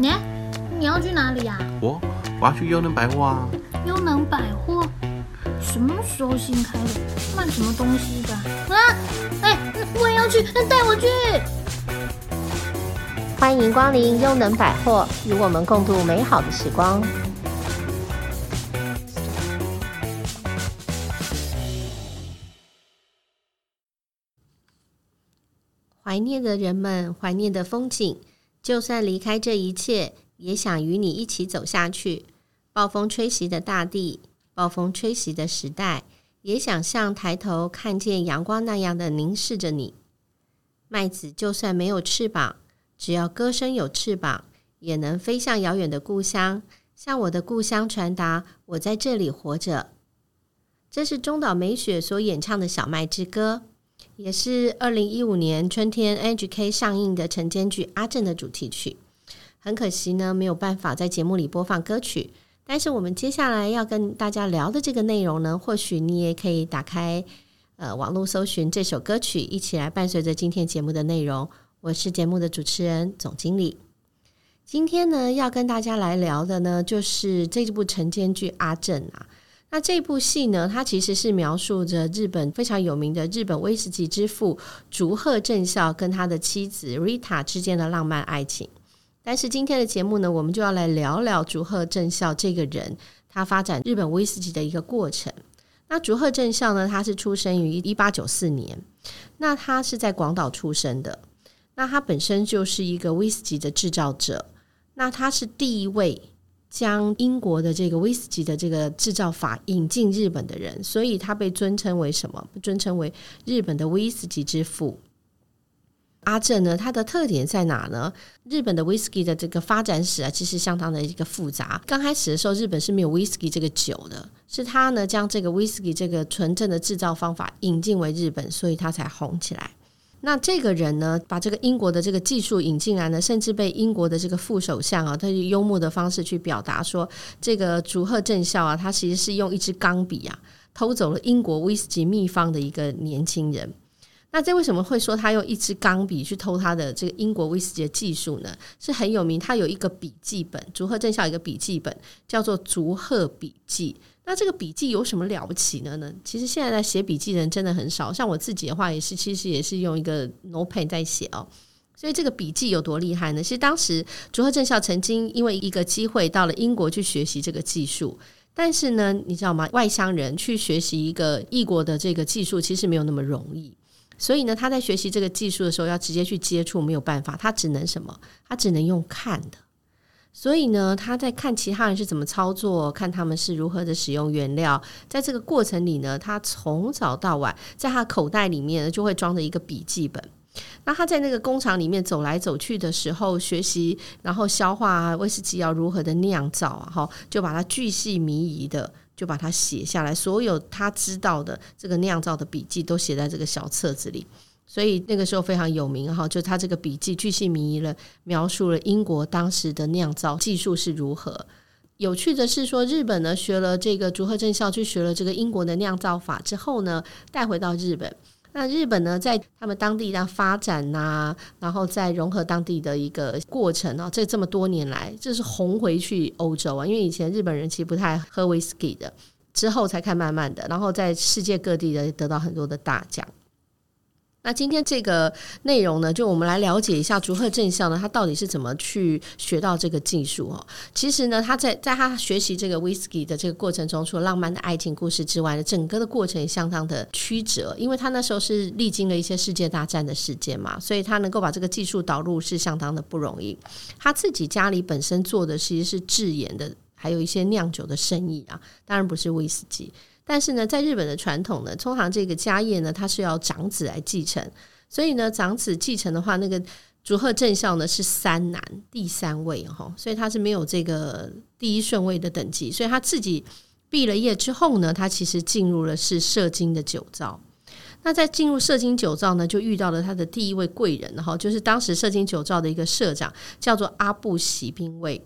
你，你要去哪裡呀、啊？我我要去優能百貨啊！優能百貨什麼時候新開的？賣什麼東西的？啊！哎、欸，我也要去，那帶我去！歡迎光臨優能百貨，與我們共度美好的時光。懷念的人們，懷念的風景。就算離開這一切，也想與你一起走下去。暴風吹襲的大地，暴風吹襲的時代，也想像抬頭看見陽光那樣的凝視着你。麥子就算沒有翅膀，只要歌聲有翅膀，也能飛向遙遠的故鄉，向我的故鄉傳達我在這裡活着。這是中島美雪所演唱的小麥之歌。也是二零一五年春天，NHK 上映的晨間劇《阿政》的主題曲。很可惜呢，沒有辦法在節目裡播放歌曲。但是我們接下來要跟大家聊的這個內容呢，或許你也可以打開呃網絡搜尋這首歌曲，一起來伴隨着今天節目的內容。我是節目的主持人總經理。今天呢，要跟大家來聊的呢，就是這部晨間劇《阿政》啊。那這部戲呢，它其實是描述着日本非常有名的日本威士忌之父竹鶴政孝跟他的妻子 Rita 之間的浪漫愛情。但是今天的節目呢，我們就要來聊聊竹鶴政孝這個人，他發展日本威士忌的一個過程。那竹鶴政孝呢，他是出生於一八九四年，那他是在廣島出生的。那他本身就是一個威士忌的製造者，那他是第一位。將英國的這個威士忌的這個製造法引進日本的人，所以他被尊稱為什麼？尊稱為日本的威士忌之父。阿正呢？他的特點在哪呢？日本的威士忌的這個發展史啊，其實相當的一個複雜。剛開始的時候，日本是沒有威士忌這個酒的，是他呢將這個威士忌這個純正的製造方法引進為日本，所以他才紅起來。那這個人呢，把這個英國的這個技術引進來呢，甚至被英國的這個副首相啊，他用幽默的方式去表達說，這個竹鶴政孝啊，他其實是用一支鋼筆啊，偷走了英國威士忌秘方的一個年輕人。那這為什麼會說他用一支鋼筆去偷他的這個英國威士忌的技術呢？是很有名。他有一個筆記本，竹鶴政孝，一個筆記本叫做竹鶴筆記。那這個筆記有什麼了不起的呢？呢？其實現在在寫筆記的人真的很少。像我自己的話，也是其實也是用一個 Notepad 在寫哦、喔。所以這個筆記有多厲害呢？其實當時竹鶴政孝曾經因為一個機會到了英國去學習這個技術，但是呢，你知道嗎？外鄉人去學習一個異國的這個技術，其實沒有那麼容易。所以呢，他在學習這個技術的時候，要直接去接觸沒有辦法，他只能什麼？他只能用看的。所以呢，他在看其他人是怎麼操作，看他們是如何的使用原料。在這個過程裡呢，他從早到晚，在他口袋裡面呢，就會裝着一個筆記本。那他在那個工廠裡面走來走去的時候，學習，然後消化、啊、威士忌要如何的釀造啊，哈，就把它巨細靡遺的。就把它寫下來，所有他知道的這個釀造的筆記都寫在這個小冊子裡，所以那個時候非常有名哈，就他這個筆記巨細靡遺了，描述了英國當時的釀造技術是如何。有趣的是說，說日本呢學了這個竹鶴政孝去學了這個英國的釀造法之後呢，帶回到日本。那日本呢，在他們當地的發展吶、啊，然後再融合當地的一個過程哦、啊，這這麼多年來，就是紅回去歐洲啊，因為以前日本人其實不太喝威士忌的，之後才開慢慢的，然後在世界各地的得到很多的大獎。那今天這個內容呢，就我們來了解一下竹鶴政孝呢，他到底是怎麼去學到這個技術哦。其實呢，他在在他學習這個威士忌的這個過程中，除了浪漫的愛情故事之外呢，整個的過程也相當的曲折。因為他那時候是歷經了一些世界大戰的事件嘛，所以他能夠把這個技術導入是相當的不容易。他自己家裡本身做的其實是製鹽的，還有一些釀酒的生意啊，當然不是威士忌。但是呢，在日本的傳統呢，通常這個家業呢，它是要長子來繼承。所以呢，長子繼承的話，那個竹鶴政孝呢，是三男第三位哈，所以他是沒有這個第一順位的等級。所以他自己畢了業之後呢，他其實進入了是社經的酒造。那在進入社經酒造呢，就遇到了他的第一位貴人哈，就是當時社經酒造的一個社長，叫做阿部喜兵衛。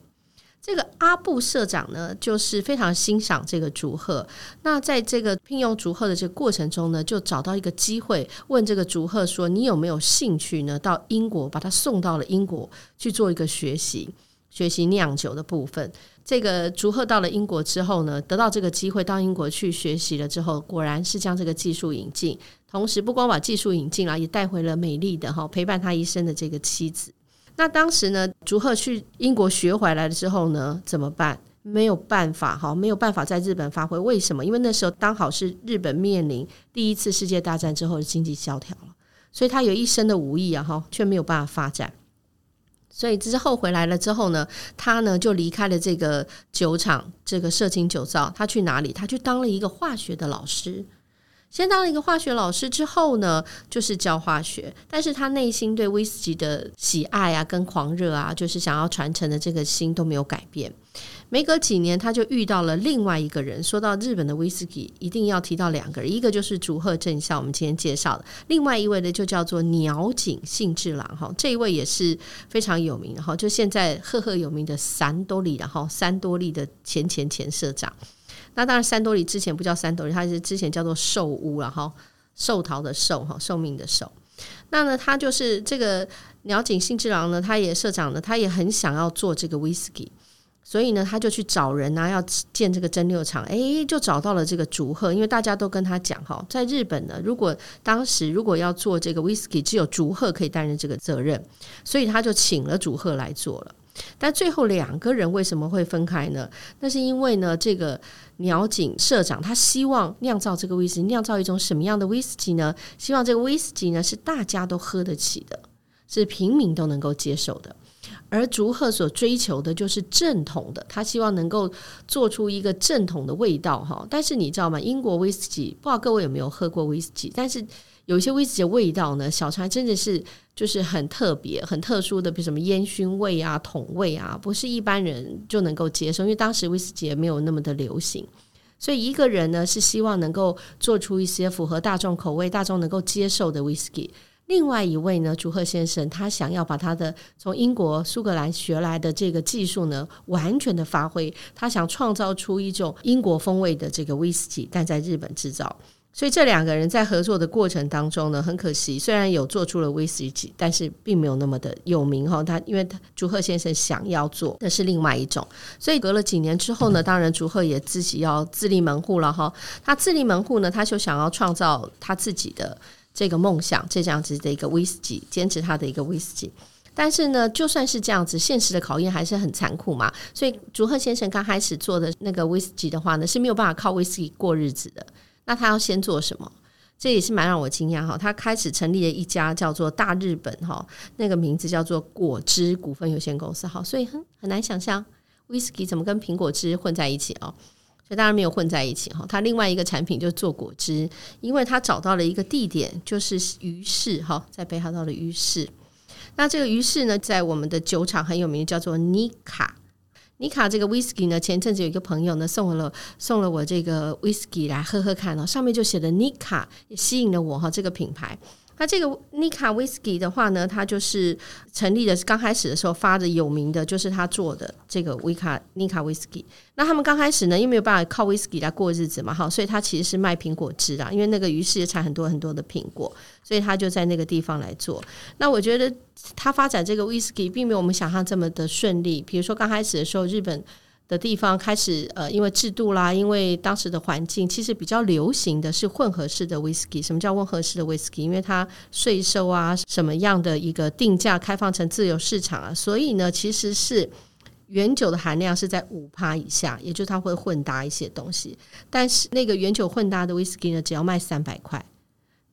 這個阿布社長呢，就是非常欣賞這個竹鶴。那在這個聘用竹鶴的這個過程中呢，就找到一個機會問這個竹鶴說：“你有沒有興趣呢？到英國把他送到了英國去做一個學習，學習釀酒的部分。”這個竹鶴到了英國之後呢，得到這個機會到英國去學習了之後，果然是將這個技術引進，同時不光把技術引進了，也帶回了美麗的哈陪伴他一生的這個妻子。那當時呢，竹鶴去英國學回來了之後呢，怎麼辦？沒有辦法哈，沒有辦法在日本發揮。為什麼？因為那時候剛好是日本面臨第一次世界大戰之後的經濟蕭條了，所以他有一身的武藝啊哈，卻沒有辦法發展。所以之後回來了之後呢，他呢就離開了這個酒廠，這個攝津酒造，他去哪裡？他去當了一個化學的老師。先當了一個化學老師之後呢，就是教化學。但是他內心對威士忌的喜愛啊，跟狂熱啊，就是想要傳承的這個心都沒有改變。沒隔幾年，他就遇到了另外一個人。說到日本的威士忌，一定要提到兩個人，一個就是竹鶴政孝，我們今天介紹的；另外一位呢，就叫做鳥井信治郎。哈，這一位也是非常有名的哈，就現在赫赫有名的三多利，然後三多利的前前前社長。那當然，三多里之前不叫三多里，他是之前叫做壽屋了哈，壽桃的壽哈，壽命的壽。那呢，他就是這個鳥井幸之郎呢，他也社長呢，他也很想要做這個威士忌，所以呢，他就去找人啊，要建這個蒸餾廠，誒，就找到了這個竹鶴，因為大家都跟他講哈，在日本呢，如果當時如果要做這個威士忌，只有竹鶴可以擔任這個責任，所以他就請了竹鶴來做了。但最後兩個人為什麼會分開呢？那是因為呢，這個鳥井社長他希望釀造這個威士忌，釀造一種什麼樣的威士忌呢？希望這個威士忌呢是大家都喝得起的，是平民都能夠接受的。而竹鶴所追求的就是正統的，他希望能夠做出一個正統的味道哈。但是你知道嗎？英國威士忌，不知道各位有沒有喝過威士忌，但是。有一些威士忌的味道呢，小船真的是就是很特別、很特殊的，比如什麼煙燻味啊、桶味啊，不是一般人就能夠接受。因為當時威士忌也沒有那麼的流行，所以一個人呢是希望能夠做出一些符合大眾口味、大眾能夠接受的威士忌。另外一位呢，竹鶴先生他想要把他的從英國蘇格蘭學來的這個技術呢，完全的發揮，他想創造出一種英國風味的這個威士忌，但在日本製造。所以這兩個人在合作的過程當中呢，很可惜，雖然有做出了威士忌，但是並沒有那麼的有名哈。他因為竹鶴先生想要做，那是另外一種。所以隔了幾年之後呢，當然竹鶴也自己要自立門戶了哈。他自立門戶呢，他就想要創造他自己的這個夢想，這，這樣子的一個威士忌，堅持他的一個威士忌。但是呢，就算是這樣子，現實的考驗還是很殘酷嘛。所以竹鶴先生剛開始做的那個威士忌的話呢，是沒有辦法靠威士忌過日子的。那他要先做什麼？這也是蠻讓我驚訝哈。他開始成立了一家叫做大日本哈，那個名字叫做果汁股份有限公司哈。所以很很難想象威士忌怎麼跟蘋果汁混在一起哦。所以當然沒有混在一起哈。他另外一個產品就是做果汁，因為他找到了一個地點，就是魚市哈，在北海道的魚市。那這個魚市呢，在我們的酒廠很有名，叫做尼卡。尼卡這個 whisky 呢，前陣子有一個朋友呢送了，送了我這個 whisky 來喝喝看哦，上面就寫的尼卡，也吸引了我哈、哦、這個品牌。那這個尼卡威斯 w 的話呢，它就是成立的剛開始的時候發的有名的，就是他做的這個威卡尼卡威斯 w 那他們剛開始呢，又沒有辦法靠威斯 i 來過日子嘛，哈，所以他其實是賣蘋果汁的，因為那個魚是也產很多很多的蘋果，所以他就在那個地方來做。那我覺得他發展這個威斯 i 並沒有我們想象這麼的順利，比如說剛開始的時候日本。的地方開始，呃，因為制度啦，因為當時的環境，其實比較流行的是混合式的威士忌。什麼叫混合式的威士忌？因為它稅收啊，什麼樣的一個定價，開放成自由市場啊，所以呢，其實是原酒的含量是在五趴以下，也就是它會混搭一些東西。但是那個原酒混搭的威士忌呢，只要賣三百塊。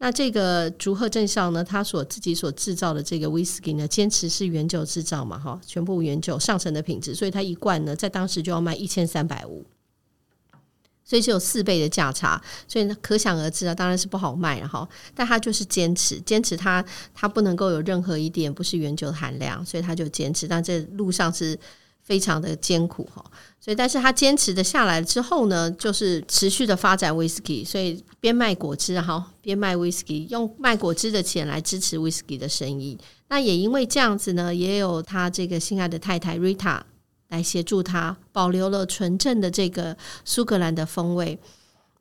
那這個竹鶴政孝呢，他所自己所製造的這個威士忌呢，堅持是原酒製造嘛，哈，全部原酒上乘的品質，所以它一罐呢，在當時就要賣一千三百五，所以只有四倍的價差，所以可想而知啊，當然是不好賣了。哈，但他就是堅持，堅持他他不能夠有任何一點不是原酒的含量，所以他就堅持，但這路上是。非常的艱苦哈，所以但是他堅持的下來之後呢，就是持續的發展 whisky，所以邊賣果汁哈邊賣 whisky，用賣果汁的錢來支持 whisky 的生意。那也因為這樣子呢，也有他這個心愛的太太 Rita 來協助他，保留了純正的這個蘇格蘭的風味。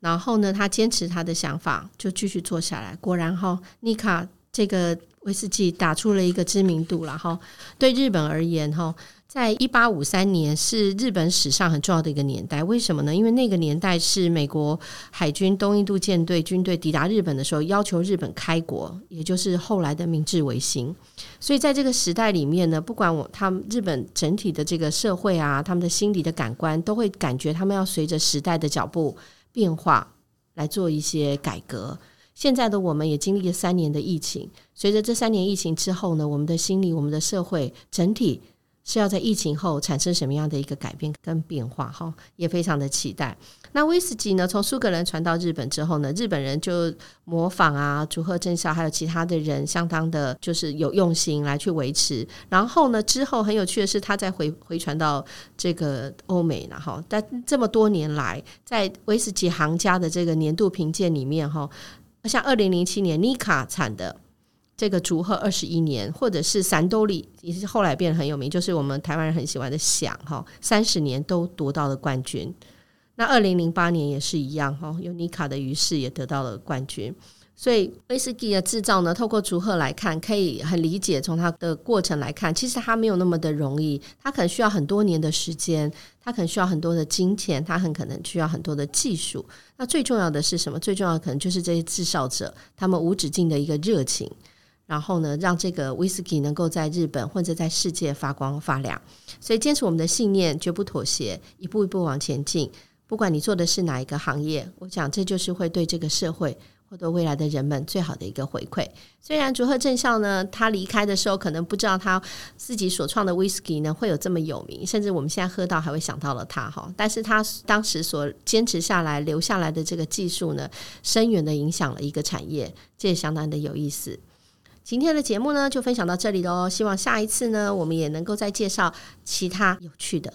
然後呢，他堅持他的想法，就繼續做下來。果然哈，Nikka 這個威士忌打出了一個知名度了哈。然後對日本而言哈。在一八五三年，是日本史上很重要的一個年代，為什麼呢？因為那個年代是美國海軍東印度艦隊軍隊抵達日本的時候，要求日本開國，也就是後來的明治維新。所以在這個時代裡面呢，不管我他們日本整體的這個社會啊，他們的心理的感官都會感覺他們要隨着時代的腳步變化來做一些改革。現在的我們也經歷了三年的疫情，隨着這三年疫情之後呢，我們的心理、我們的社會整體。是要在疫情後產生什麼樣的一個改變跟變化？哈，也非常的期待。那威士忌呢？從蘇格蘭傳到日本之後呢，日本人就模仿啊，竹鶴政孝還有其他的人，相當的就是有用心來去維持。然後呢，之後很有趣的是，它再回回傳到這個歐美呢。哈，但這麼多年來，在威士忌行家的這個年度評鑑裡面，哈，像二零零七年尼卡產的。這個竹鶴二十一年，或者是三得利也是後來變得很有名，就是我們台灣人很喜歡的響哈，三十年都奪到了冠軍。那二零零八年也是一樣哈，尤妮卡的余市也得到了冠軍。所以威士忌的製造呢，透過竹鶴來看，可以很理解從它的過程來看，其實它沒有那麼的容易，它可能需要很多年的時間，它可能需要很多的金錢，它很可能需要很多的技術。那最重要的是什麼？最重要的可能就是這些製造者他們無止境的一個熱情。然後呢，讓這個威士忌能夠在日本或者在世界發光發亮。所以堅持我們的信念，絕不妥協，一步一步往前進。不管你做的是哪一個行業，我想這就是會對這個社會或者未來的人們最好的一個回饋。雖然竹鶴政孝呢，他離開的時候可能不知道他自己所創的威士忌呢會有這麼有名，甚至我們現在喝到還會想到了他哈。但是他當時所堅持下來留下來的這個技術呢，深遠的影響了一個產業，這也相當的有意思。今天的節目呢，就分享到這裡咯，希望下一次呢，我們也能夠再介紹其他有趣的。